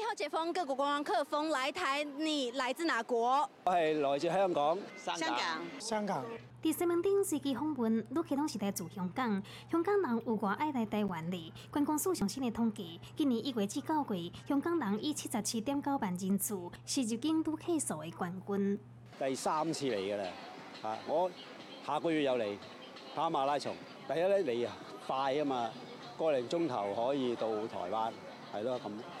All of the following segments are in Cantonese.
你好，謝鋒，各國觀光客風來台，你來自哪國？我係來自香港，港香港，香港。第四名丁氏傑香港，旅客攏係住香港，香港人有我愛嚟台灣咧。觀光署最新的統計，今年一月至九月，香港人以七十七點九萬人次，是入境都區所位冠軍。第三次嚟噶啦，吓我下個月有嚟打馬拉松。第一咧啊，你快啊嘛，個零鐘頭可以到台灣，係咯咁。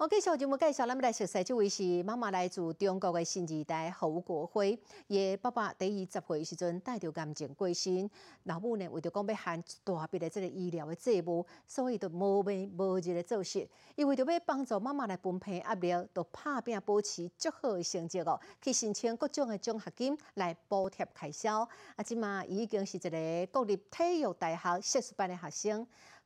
哦、續介我介紹就物介紹，咱物來認識即位是媽媽來自中國嘅新二代侯國輝。伊爸爸在伊十歲時陣帶着癌症過身，老母呢為着講要還大筆的即個醫療嘅債務，所以就無眠無日嘅做事。伊為着要幫助媽媽來分配壓力，就打拼保持較好嘅成績哦，去申請各種嘅獎學金來補貼開銷。啊，即嘛已經是一個國立體育大學碩士班的學生。